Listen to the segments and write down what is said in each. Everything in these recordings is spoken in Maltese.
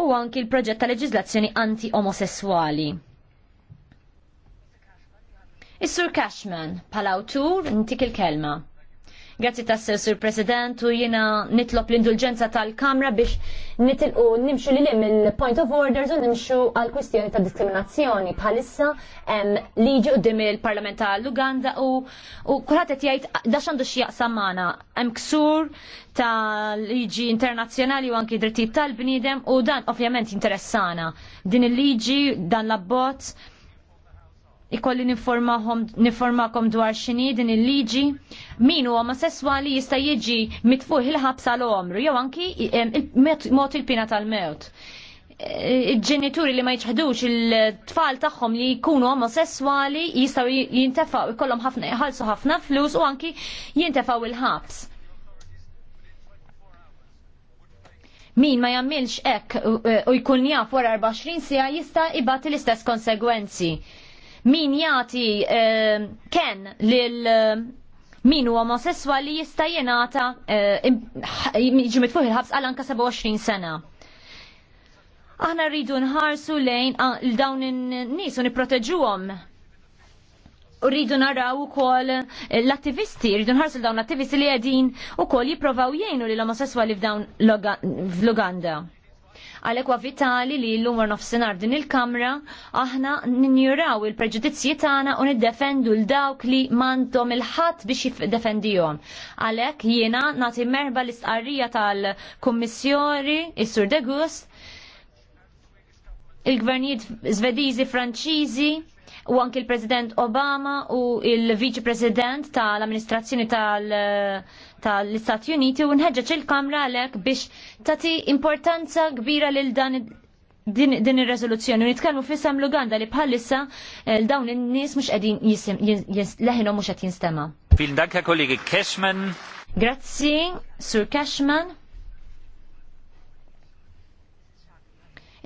u anki l-proġett ta' leġizlazzjoni anti-omosessuali. Is-Sur Cashman, pal-awtur, ntik il-kelma. Grazzi tas sur President u jina nitlob l-indulġenza tal-Kamra biex nitilqu nimxu li lim il-point of orders u nimxu għal kwistjoni ta' diskriminazzjoni bħalissa liġi u dim il-Parlament tal-Uganda u, u kullħat qed jgħid da x'għandu x'jaqsam magħna hemm ksur ta' liġi internazzjonali u anki drittijiet tal-bniedem u dan ovvjament interessana. Din il-liġi dan l-abbozz ikolli niformakom dwar xini din il-liġi min huwa omosessuali jista' jiġi mitfuħ il-ħabsa l-omru jew anki mot il-pina tal-mewt. Eh, il ġenituri li ma jċħdux il-tfal tagħhom li jkunu omosessuali jistgħu jintefgħu ikollhom ħafna jħallsu ħafna flus u anki jintefgħu il-ħabs. min ma jammilx ek eh, u jkun jaf wara 24 sija jista' ibati l-istess konsegwenzi min jati uh, eh, ken lil eh, min huwa omosessuali jista' jingħata eh, jiġi uh, mitfuħ il-ħabs għal anka 27 sena. Aħna rridu nħarsu lejn l-dawn in-nies u nipproteġuhom rridu naraw u kol l-attivisti, rridu nħarsu l-dawn l-attivisti li għedin u kol jiprovaw jgħinu li l-omosessuali f'dawn l-Uganda. Għalhekk huwa vitali li l-lum war nofsinhar din il-Kamra aħna ninjuraw il-preġudizzji tagħna u niddefendu l dawk li mantom il ħat biex jiddefendihom. Għalhekk jiena nagħti merba l-istqarrija tal-Kummissjoni il sur De Gus, il-gvernijiet Svediżi, Franċiżi, u anki il-President Obama u il-Viċi President tal-Amministrazzjoni tal tal-Istati Uniti u nħeġġeġ il-Kamra għalhekk biex tagħti importanza kbira lil dan din, din ir-reżoluzzjoni u nitkellmu fissam l-Uganda li bħalissa eh, dawn in-nies mhux qegħdin leħinhom mhux qed jinstema'. Vielen Dank, Herr Kollege Cashman. Grazzi, Sur Cashman.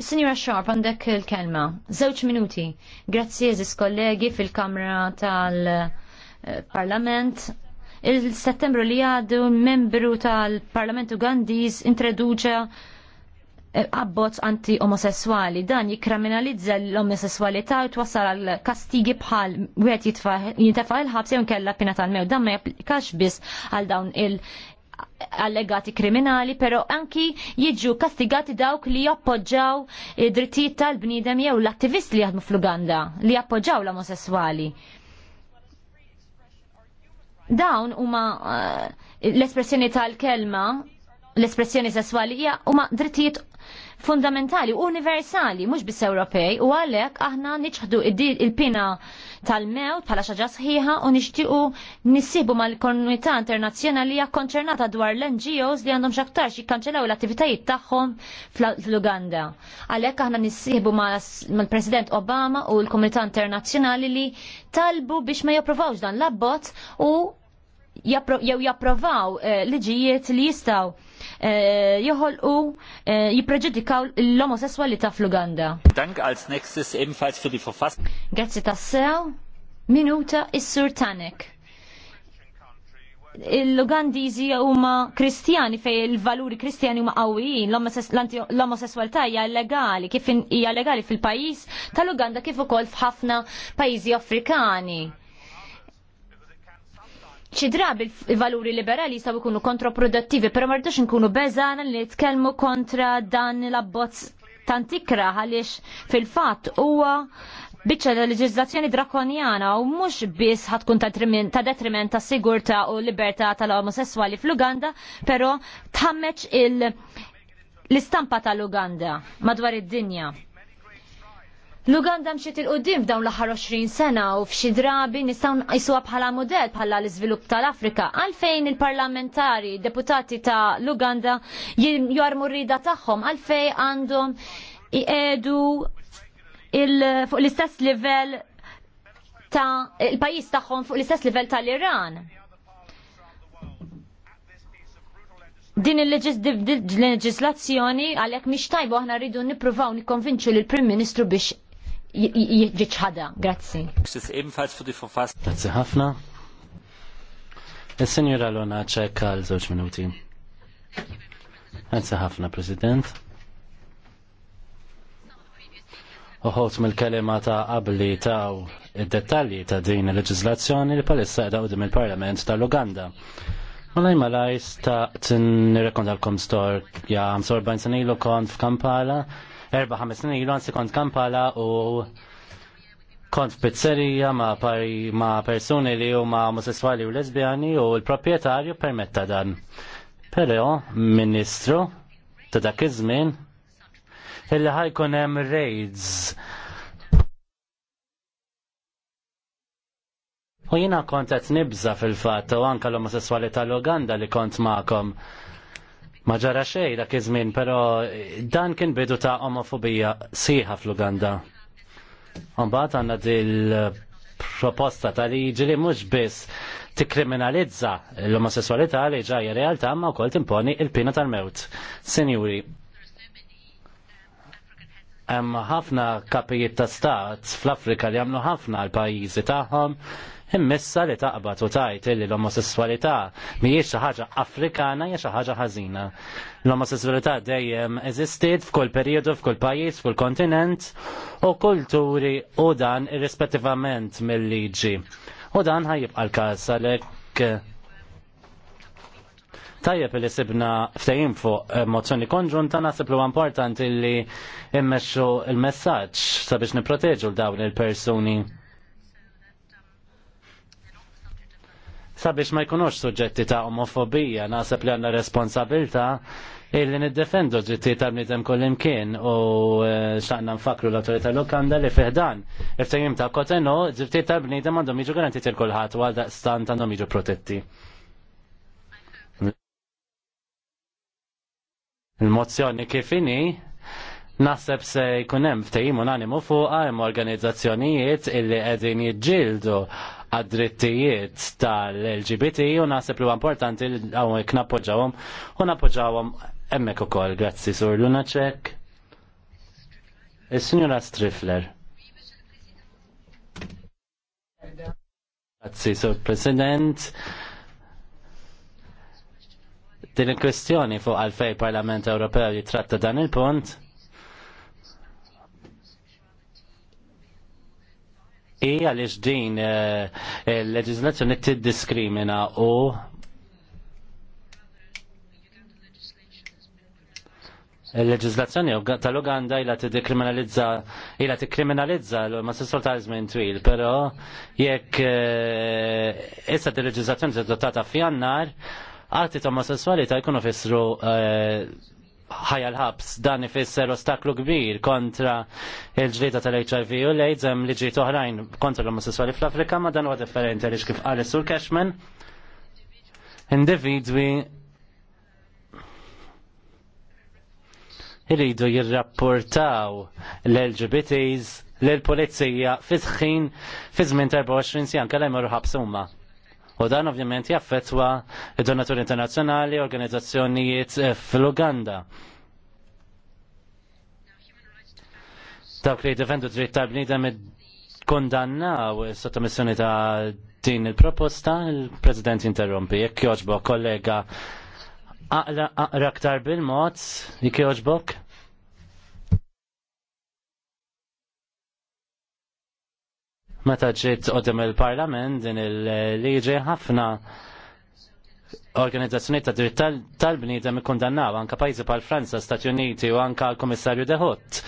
Signora Sharp, għandek il-kelma. Zewċ minuti. Grazzi eżis kollegi fil-Kamra tal-Parlament. Eh, Il-settembru li għadu membru tal-Parlament Ugandiż introduċa eh, abbot anti-omosessuali. Dan jikriminalizza l-omosessualità u twassal għal kastigi bħal wieħed jintefa' il-ħabs jew kella pina tal-mew. Dan ma japplikax biss għal dawn il- allegati kriminali, pero anki jiġu kastigati dawk li jappoġġaw drittijiet tal-bniedem jew l-attivist li jaħdmu fl-Uganda li jappoġġaw l-omosessuali. Dawn huma eh, l-espressjoni tal-kelma, l-espressjoni sesswali hija huma drittijiet fundamentali u universali, mhux biss Ewropej, u għalhekk aħna niċħdu il-pina tal-mewt bħala xaġa sħiħa u nixtiequ nissibu mal-komunità internazzjonali hija konċernata dwar l-NGOs li għandhom xaktarx jikkanċellaw l-attivitajiet tagħhom fl-Uganda. Għalhekk aħna nissibu mal-President Obama u l-Komunità Internazzjonali li talbu biex ma jipprovawx dan l-abbozz u jew japprovaw eh, liġijiet li jistaw eh, joħolqu eh, jipreġudikaw l-omosessualità fl-Uganda. Dank als nächstes ebenfalls für die Verfassung. Grazzi tassew. Minuta is-Sur Tanek l-Ugandizi huma kristjani fej il-valuri kristjani huma qawwijin, l-omosessualità hija legali, kif hija legali fil-pajjiż tal-Uganda kif ukoll f'ħafna pajjiżi Afrikani xi drabi il-valuri liberali jistgħu jkunu kontraproduttivi, però ma nkunu beżana li nitkellmu kontra dan l-abbozz tantikra għaliex fil-fatt huwa biċċa l leġiżlazzjoni drakonjana u mhux biss ħatkun ta' detriment ta' sigurta u libertà tal-omosessuali fl-Uganda, però tħammeċ l-istampa tal-Uganda madwar id-dinja. L-Uganda mxiet il-qoddim f'dawn l-aħħar 20 sena u f'xi drabi nistgħu jisuha bħala modell bħala l-iżvilupp tal-Afrika. Għalfejn il-parlamentari, deputati ta' l-Uganda jormu rrida tagħhom għalfej għandhom jgħedu fuq l-istess livell ta' il pajjiż tagħhom fuq l-istess livell tal-Iran. din il-leġislazzjoni għalhekk mhix tajba aħna rridu nippruvaw nikkonvinċu lill-Prim Ministru biex ġiċħada. Grazzi. Grazzi ħafna. Il-Senjura Lona ċekka għal żewġ minuti. Grazzi ħafna, President. Uħot mill-kelima ta' qabli ta' id-dettalji ta' din il-leġizlazzjoni li palissa edha qudiem il-Parlament tal-Uganda. Malaj malaj sta' t nirrekondalkom stork ja' 45 sena ilu kont f'Kampala Erba' ħames snin ilu għansi kont Kampala u kont pizzerija ma, pari, ma persuni li huma omosessuali u lesbjani u l propietarju permetta dan. Però, ministru, ta' dak iż-żmien, illi ħajkun hemm raids. U jiena kont qed nibża fil-fatt u anke l-omosessualità l-Uganda li kont magħkom ma ġara xej dak iż-żmien, però dan kien bidu ta' omofobija sieħa fl-Uganda. Mbagħad għandna dil proposta ta' liġi li mhux biss tikkriminalizza l-omosessualità li ġajja realtà ma wkoll timponi il-pina tal-mewt. Sinjuri, hemm ħafna kapijiet ta' stat fl-Afrika li għamlu ħafna għal pajjiżi tagħhom immessa li taqbad u tajt illi l-omosessualità mhijiex xi ħaġa Afrikana hija xi ħaġa ħażina. L-omosessualità dejjem eżistiet f'kull perjodu, f'kull pajjiż, f'kull kontinent u kulturi u dan irrispettivament mill-liġi. U dan ħajibqa' l-każ għalhekk tajjeb li sibna ftejim fuq eh, mozzjoni konġunta nasib li importanti li immexxu il-messaġġ sabiex nipproteġu l dawn il-persuni. sabiex ma jkunux suġġetti ta' omofobija, naħseb li għanna responsabilta illi niddefendu ġitti ta' bnidem kullimkien u eh, xaqna nfakru l-autorita lokanda li fiħdan. Iftajim ta' koteno, ġitti ta' bnidem għandhom iġu garantit il-kolħat u għalda stan għandhom iġu protetti. Il-mozzjoni kifini Naħseb se jkun hemm ftehim unanimu fuqha hemm organizzazzjonijiet illi qegħdin jiġġieldu għad-drittijiet tal-LGBT u naħseb li huwa importanti li hawnhekk nappoġġawhom u emmek hemmhekk ukoll. Grazzi Sur Lunaċek. Il-Signora Strifler. Grazzi Sur President din il-kwestjoni fuq għalfej Parlament Ewropew jitratta dan il-punt i għaliex din eh, il-leġizlazzjoni tiddiskrimina u Il-leġizlazzjoni tal-Uganda ila t-dekriminalizza, ila t-kriminalizza l-omosessual ta' żmien twil, pero jekk eh, issa t-leġizlazzjoni t dottata fjannar, għati omosessuali ta' jkunu fissru eh, ħajja l-ħabs dan ifisser ostaklu kbir kontra il-ġlida tal-HIV u l-AIDS hemm liġi oħrajn kontra l-omosessuali fl-Afrika ma dan huwa differenti għaliex kif qal sur Cashman individwi iridu jirrapportaw l-LGBTs l pulizija fi sħin fi żmien 24 sjan kellha jmorru ħabs huma. U dan ovvjament jaffetwa donaturi internazzjonali, organizzazzjonijiet eh, fl-Uganda. Dawk li jiddefendu dritt tal-bnidem kondannaw sottomissjoni ta' din il-proposta, il-President interrompi, jekk joġbok kollega aqra aktar bil-mod, jekk joġbok? Meta ġiet qodem il-Parlament din il-liġi ħafna organizzazzjoni ta' dritt tal-bniedem ikkundannaw. anka pajjiżi bħal Franza, Stati Uniti u anka l-Kummissarju De Hutt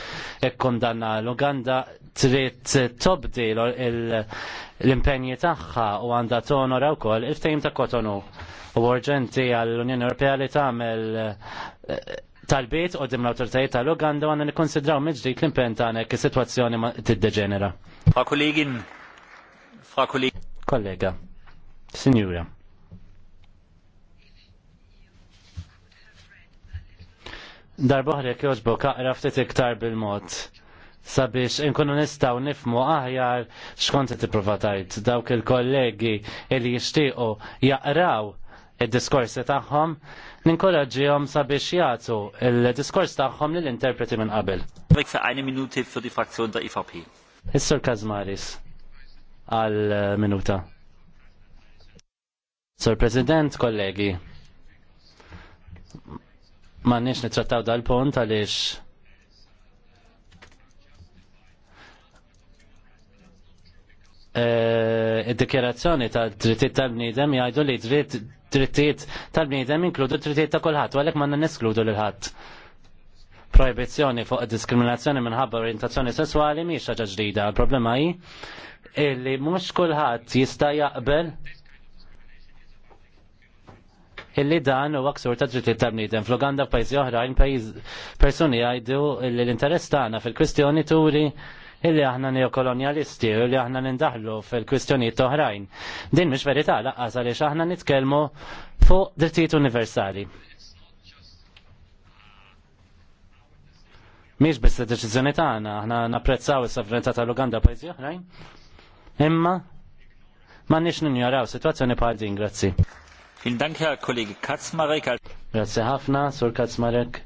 ikkundanna l-Uganda trid tobdi l-impenji tagħha u għandha tonora wkoll il-ftehim ta' Kotonu u urġenti għall-Unjoni Ewropea li tagħmel eh, tal-bit u dim l-autoritajiet tal-Uganda għanna nikonsidraw meġdijt l-impen tagħna kif situazzjoni ma tiddeġenera. Fra kollegin, fra kollegin. Kollega, sinjura. Darboħri jek kaqra ftit iktar bil-mod sabiex inkunu nistaw nifmu aħjar xkont tipprova provatajt dawk il-kollegi li jixtiequ jaqraw id-diskorsi tagħhom ninkoraġġihom sabiex jagħtu il-diskors tagħhom lill-interpreti minn qabel. Rek fa' għajni minuti für die Fraktion e Is-Sur Kazmaris għal eh, minuta. Sur President, kollegi, ma nix nitrattaw dal-punt għaliex eh, id-dikjerazzjoni ta' drittijiet tal-bniedem jgħidu li dritt drittijiet tal-bniedem inkludu drittijiet ta' kulħadd, u għalhekk ma neskludu lil ħadd. Proibizzjoni fuq diskriminazzjoni minħabba orientazzjoni sessuali mhix ħaġa ġdida. Il-problema hi illi mhux kulħadd jista' jaqbel illi dan huwa ksur ta' drittijiet ta' bniedem. Fl-Uganda f'pajjiżi oħrajn pajjiż persuni jgħidu li l-interess tagħna fil-kwistjoni turi illi aħna neokolonialisti u li aħna nindaħlu fil-kwistjonijiet oħrajn. Din mhix verità laqqas għaliex aħna nitkellmu fuq drittijiet universali. Mhix biss id-deċiżjoni tagħna, aħna napprezzaw is-sovranità tal-Uganda pajjiżi oħrajn, imma m'għandniex ninjaraw sitwazzjoni bħal din, grazzi. Il dank Herr Kollege Katzmarek. Grazzi ħafna, Sur Katzmarek.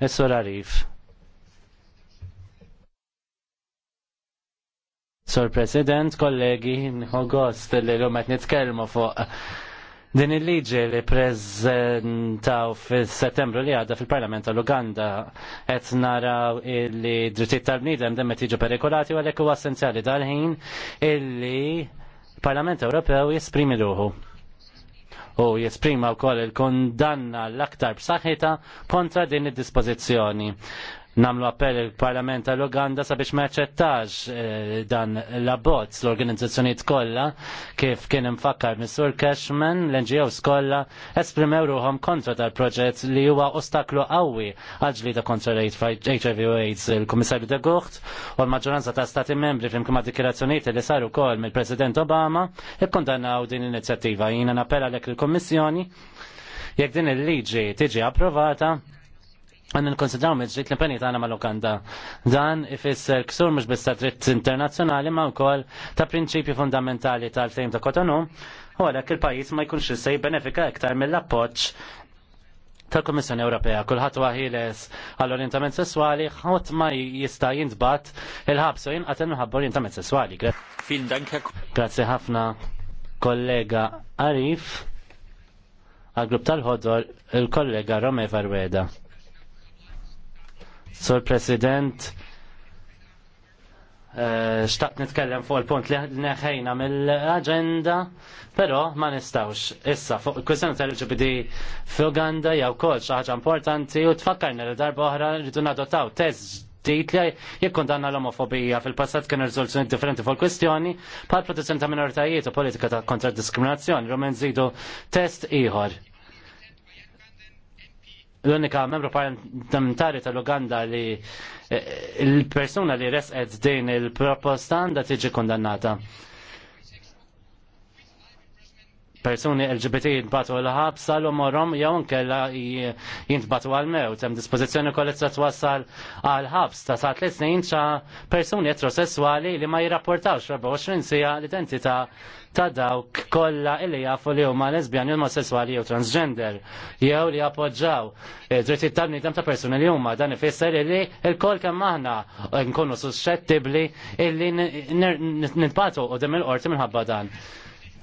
Is-Sur Arif. Sur President, kollegi, nħogost li l-lum għet nitkelmu fuq Din il-liġi li prezentaw fil-settembru li għadda fil-parlament tal-Uganda et naraw illi drittit tal-bnidem demme tiġu perikolati u għalhekk huwa essenzjali dal-ħin illi parlament Ewropew jesprimi ruħu. U jesprima wkoll il-kondanna l-aktar b'saħħitha kontra din id-dispożizzjoni namlu appell il-Parlament tal-Uganda sabiex ma ċettax eh, dan l-abbozz l-organizzazzjoniet kollha kif kien imfakkar Mr. Cashman l-NGOs kollha esprimew ruhom kontra tal-proġett li huwa ostaklu qawwi għal ġlieda kontra HIV AIDS il-Kummissarju de Gucht u l-maġġoranza ta' stati membri flimkien ma' dikirazzjonijiet li saru wkoll mill-President Obama ikkondannaw din l-inizjattiva. Jiena nappella lek il kummissjoni jekk din il-liġi tiġi approvata għanna nkonsidraw meġġik l-impenji tagħna ma' lokanda. Dan ifisser ksur mhux biss ta' dritt internazzjonali ma' wkoll ta' prinċipji fundamentali tal-fejm ta' Kotonu, u għalhekk il-pajjiż ma jkunx issa jibbenefika iktar mill-appoġġ tal-Kommissjoni Ewropea. Kulħadd waħiles għall-orientament sessuali ħadd ma jista' jintbat il-ħabsu jinqatel minħabba orientament sessuali. Grazzi ħafna kollega Arif għal-grupp tal-ħodor il-kollega Rome Farweda. Sur President, eh, xtaqt nitkellem fuq il-punt li neħejna mill-agenda, pero ma nistawx. Issa, fuq il-kwistjoni tal-LGBT f'Uganda jew kol xi ħaġa importanti u tfakkarna li darba oħra rridu nadotaw test ġdijt li danna l-omofobija fil-passat kien rizoluzzjoni differenti fuq il-kwestjoni, bħal protezzjoni ta' minoritajiet u politika ta' kontra diskriminazzjoni, rumen zidu test ieħor l-unika membru parlamentari tal-Uganda li eh, il-persuna li resqed din il-proposta għandha tiġi kondannata persuni LGBT jintbatu l ħab salu omorom jew kella jintbatu għal-mewt. Hemm dispożizzjoni kolletta twassal għal-ħabs ta' sa' snin ċa persuni etrosessuali li ma jirrapportawx 24 sija l-identità ta' dawk kollha illi jafu li huma lesbjani omosessuali jew transgender jew li appoġġaw drittijiet tal bniedem ta' persuni li huma dan ifisser illi l-kol kemm aħna nkunu suscettibbli illi nitbatu qudiem il-qorti minħabba dan.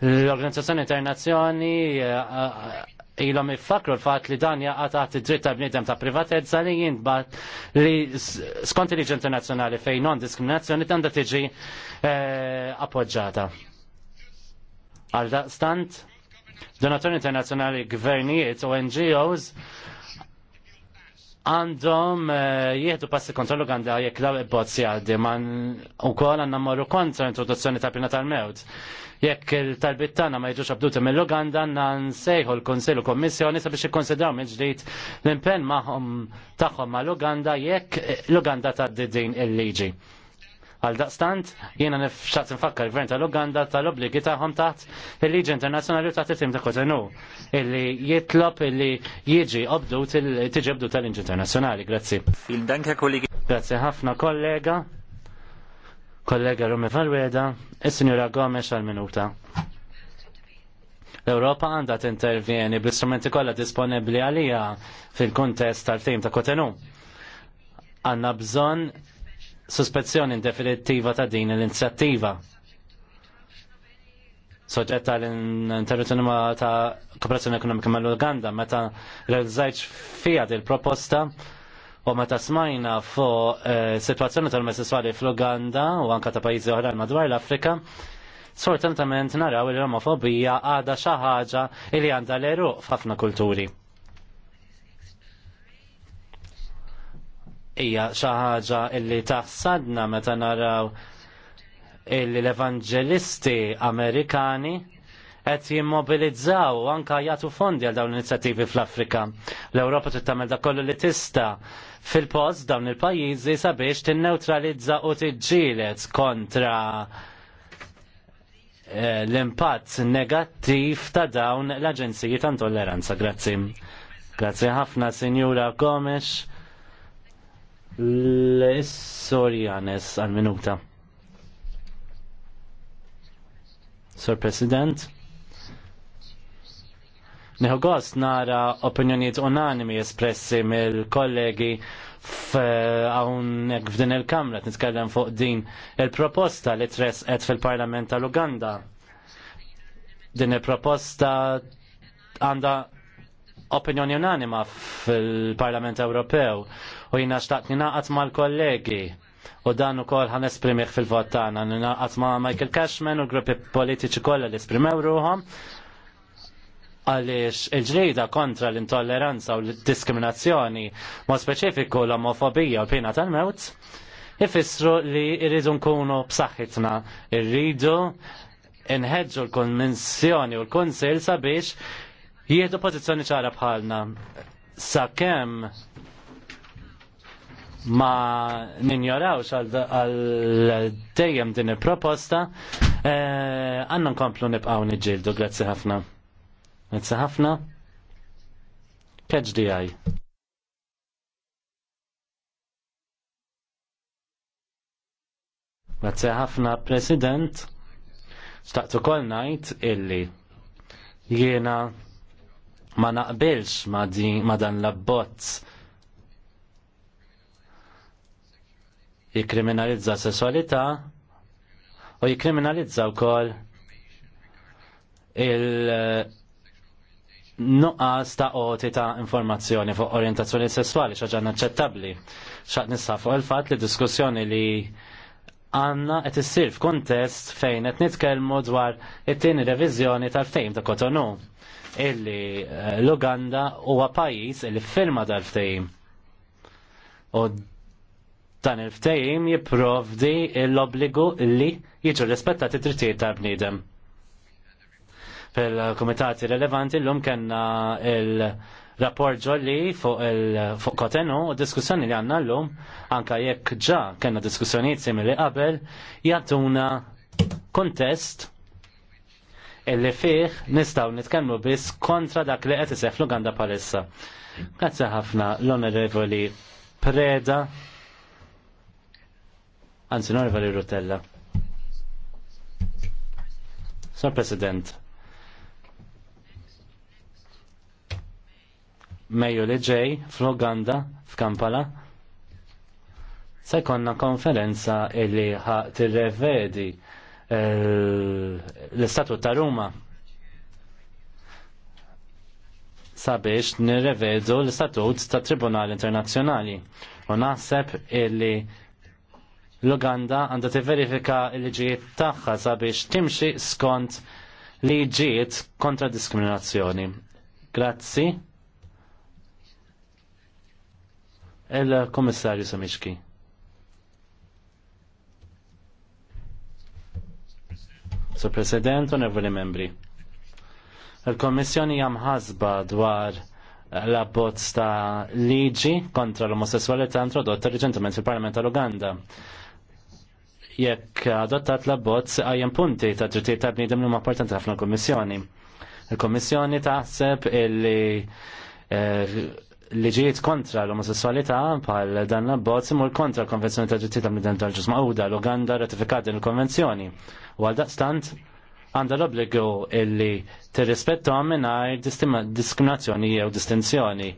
L-Organizzazzjoni Internazzjoni eh, ilhom ifakru l-fatt li dan jaqa' taħt id-dritt tal bniedem ta' privatezza li jintbat li skont il-liġi internazzjonali fejn non diskriminazzjoni tanda tiġi eh, appoġġata. Għal daqstant, donatori internazzjonali, gvernijiet, ONGOs, għandhom eh, jieħdu passi kontrollu għandha jekk daw il-bozzi għaddi, ma u kol għanna morru kontra introduzzjoni ta' pina tal-mewt. Jekk il-talbit tagħna ma jiġux abduti mill-Uganda għandna nsejħu l-Konsil u Kommissjoni sabiex ikkonsidraw minn ġdid l-impenn magħhom tagħhom ma' l-Uganda jekk l-Uganda tgħaddi din il-liġi. Għal daqstant, jiena nifxat nfakkar gvern tal-Uganda tal-obligi tagħhom taħt il-liġi internazjonali taħt it-tim ta' Kotenu illi jitlob illi jiġi obdu tiġi obdu tal-liġi internazzjonali. Grazzi. Il-danka kollegi. Grazzi ħafna kollega. Kollega Rumi Valweda, is-Sinjura Gomes għal-minuta l-Europa għandha intervjeni bl-istrumenti kollha disponibbli għalija fil-kuntest tal-tim ta' Kotenu. Għanna bżonn sospezzjoni definitiva ta' din l-inizjattiva. Soġġett l interruzzjoni ta' kooperazzjoni ekonomika mal-Uganda, meta realizzajċ fija il-proposta u meta smajna fuq eh, situazzjoni tal-omosessuali fl-Uganda u anka ta' pajjiżi oħrajn madwar l-Afrika, sortentament naraw il-omofobija għada xi ħaġa li għandha l eru f'ħafna kulturi. hija xi ħaġa li taħsadna meta naraw l-evanġelisti Amerikani qed jimmobilizzaw u anke jagħtu fondi għal dawn l-inizjattivi fl-Afrika. L-Ewropa trid tagħmel dak kollu li tista' fil-post dawn il-pajjiżi sabiex tinneutralizza u tiġġielet kontra eh, l-impatt negattiv ta' dawn l-Aġenziji ta' Intolleranza. Grazzi. Grazzi ħafna, Sinjura Gomes. Sorry, Anes, għal-minuta. Sir President, Neħu gost nara opinjoniet unanimi espressi mill-kollegi f'għawnek f'din il-kamra, nitkellem fuq din il-proposta li tresqet fil-Parlament tal-Uganda. Din il-proposta għanda opinjoni unanima fil-Parlament Ewropew u jina xtaqt ninaqat mal-kollegi u dan u kol għan esprimiħ fil-vot tagħna ninaqat ma' Michael Cashman u gruppi politiċi kollha li esprimew ruhom għaliex il-ġrida kontra l-intolleranza u l-diskriminazzjoni ma' speċifiku l-omofobija u pina tal-mewt ifissru li irridu nkunu b'saħħitna, irridu inħedġu l-konvenzjoni u l-konsil sabiex jieħdu pozizjoni ċara bħalna sakemm ma ninjorawx għal dejjem din il-proposta eh, għanna nkomplu nibqaw nġildu grazzi ħafna grazzi ħafna keġdi għaj Grazie ħafna President. Staqtu kol najt illi jiena ma naqbilx ma, din, ma dan l-abbozz jikriminalizza sessualità u jikriminalizza wkoll il- nuqqas ta' oti ta' informazzjoni fuq orientazzjoni sessuali xaġan aċċettabli. Xaq nissa fuq il-fat li diskussjoni li għanna qed issir f'kuntest fejn qed nitkellmu dwar it-tieni reviżjoni tal-fejm ta' Kotonu illi eh, l-Uganda huwa pajjiż illi firma dal-ftehim. U dan il-ftehim jipprovdi l-obbligu li jiġu rispettati drittijiet tal-bniedem. Fil-komitati rilevanti l-lum kena il-rapport ġolli fuq il-fuq kotenu u diskussjoni li għanna l-lum anka jekk ġa kena diskussjoni simili qabel jgħatuna kontest illi fih nistgħu nitkellmu biss kontra dak li qed iseħħ fl-Uganda palissa. Grazzi ħafna l-Onorevoli Preda, anzi l-Onorevoli Rutella. Sir President, Mejju li ġej fl-Uganda, f'Kampala, se konna konferenza illi ħaq tirrevedi Eh, l-istatut ta' Ruma sabiex nirrevedu l-istatut ta' Tribunal Internazzjonali u naħseb illi l-Uganda għandha tivverifika l-ġiet tagħha sabiex timxi skont liġijiet kontra diskriminazzjoni. Grazzi. il komissarju Samiċki. Sur President, onorevoli membri. Il-Kommissjoni ħasba dwar l-abbozz ta' liġi kontra l-omosessualità introdotta reċentement fil-Parlament tal-Uganda. Jekk adottat l-abbozz għajjem punti ta' drittijiet ta' bnidem li huma importanti ħafna l-Kommissjoni. Il-Kommissjoni taħseb illi eh, liġijiet kontra l-omosessualità bħal dan l-abbozz imur kontra l-Konvenzjoni ta' ġittita mid dan tal-ġus ma'uda l-Uganda ratifikat din il-konvenzjoni. U għal daqstant għandha l-obbligu illi t-rispetto mingħajr diskriminazzjoni jew distinzjoni.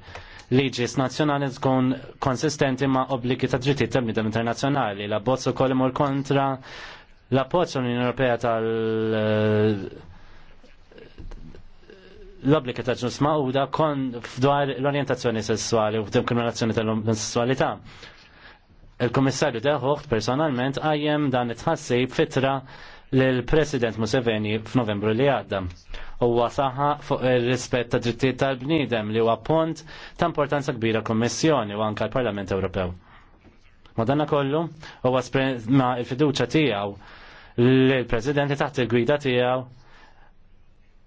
Liġis nazzjonali tkun konsistenti ma' obbligi ta' ġittita tal-bnidem internazzjonali. L-abbozz ukoll imur kontra l-appoġġ l-Unjoni Ewropea tal- l-obbliga ta' u da' kon f'dwar l-orientazzjoni sessuali u f'diskriminazzjoni tal-omosessualità. Il-Kummissarju Deħuħt personalment għajjem dan it ħassi fitra l-President Museveni f'Novembru li għadda. Huwa saħa fuq ir-rispett ta' drittijiet tal-bniedem li huwa punt ta' importanza kbira Kummissjoni u anke l-Parlament Ewropew. Madanna kollu, huwa għasprema il-fiduċa tiegħu l-President li taħt il-gwida tiegħu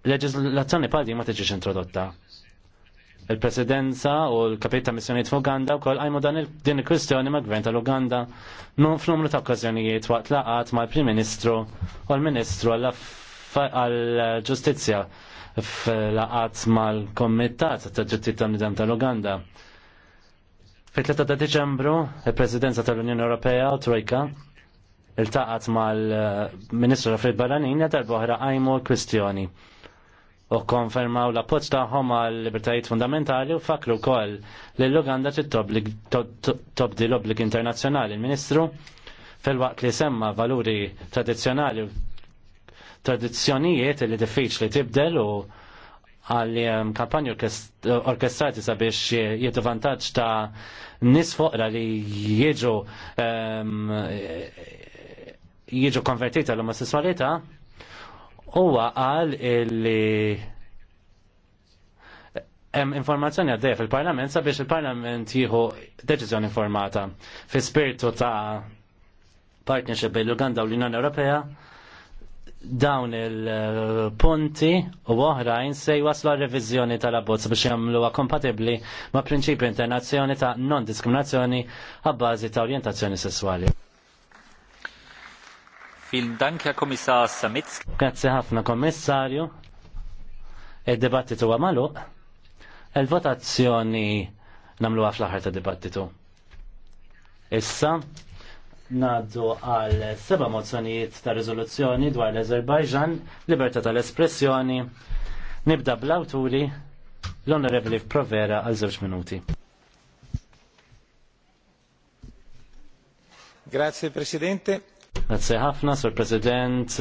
leġislazzjoni padi ma tiġiġ introdotta. Il-presidenza u l-kapita missjoniet f'Uganda u koll għajmu dan din il-kwistjoni ma' gvern tal-Uganda nun f'numru ta' okkazjonijiet waqt laqat ma' l-Prim Ministru u l-Ministru għall-Ġustizja f'laqat ma' l-Komitat ta' ġittit tal-Nidem tal-Uganda. fi 3 ta' Deċembru, il-Presidenza tal-Unjoni Ewropea u Trojka ma' mal-Ministru tal Baranin Barranin jadar boħra għajmu l-kwistjoni u konfermaw la pozz taħħom għal libertajiet fundamentali u fakru kol li l-Uganda tobdi l-oblik internazjonali. Il-Ministru fil-waqt li semma valuri tradizjonali tradizjonijiet li diffiċ li tibdel u għal ehm, kampanju orkestrati sabiex jietu vantaġġ ta' nis foqra li jieġu ehm, jieġu konvertita l-omosessualita huwa qal illi hemm informazzjoni għaddeja fil-Parlament sabiex il-Parlament jieħu deċiżjoni informata fi spiritu ta' partnership bejn l-Uganda u l-Unjoni Ewropea dawn il-punti u oħrajn se jwaslu għal-revizjoni tal-abbozz biex jagħmluha kompatibbli ma' prinċipju internazzjoni ta' non-diskriminazzjoni għabbażi ta' orjentazzjoni sessuali. Grazzi ħafna kommissarju. Id-dibattitu huwa magħluq. Il-votazzjoni nagħmluha fl-aħħar ta' dibattitu. Issa, ngħaddu għal seba mozzjonijiet ta' Riżoluzzjoni dwar l-Azerbajġan, libertà tal-espressjoni. Nibda bl-awturi l-Onorevoli Provera għal żewġ minuti. Grazie Presidente. Grazie ħafna, Sur President,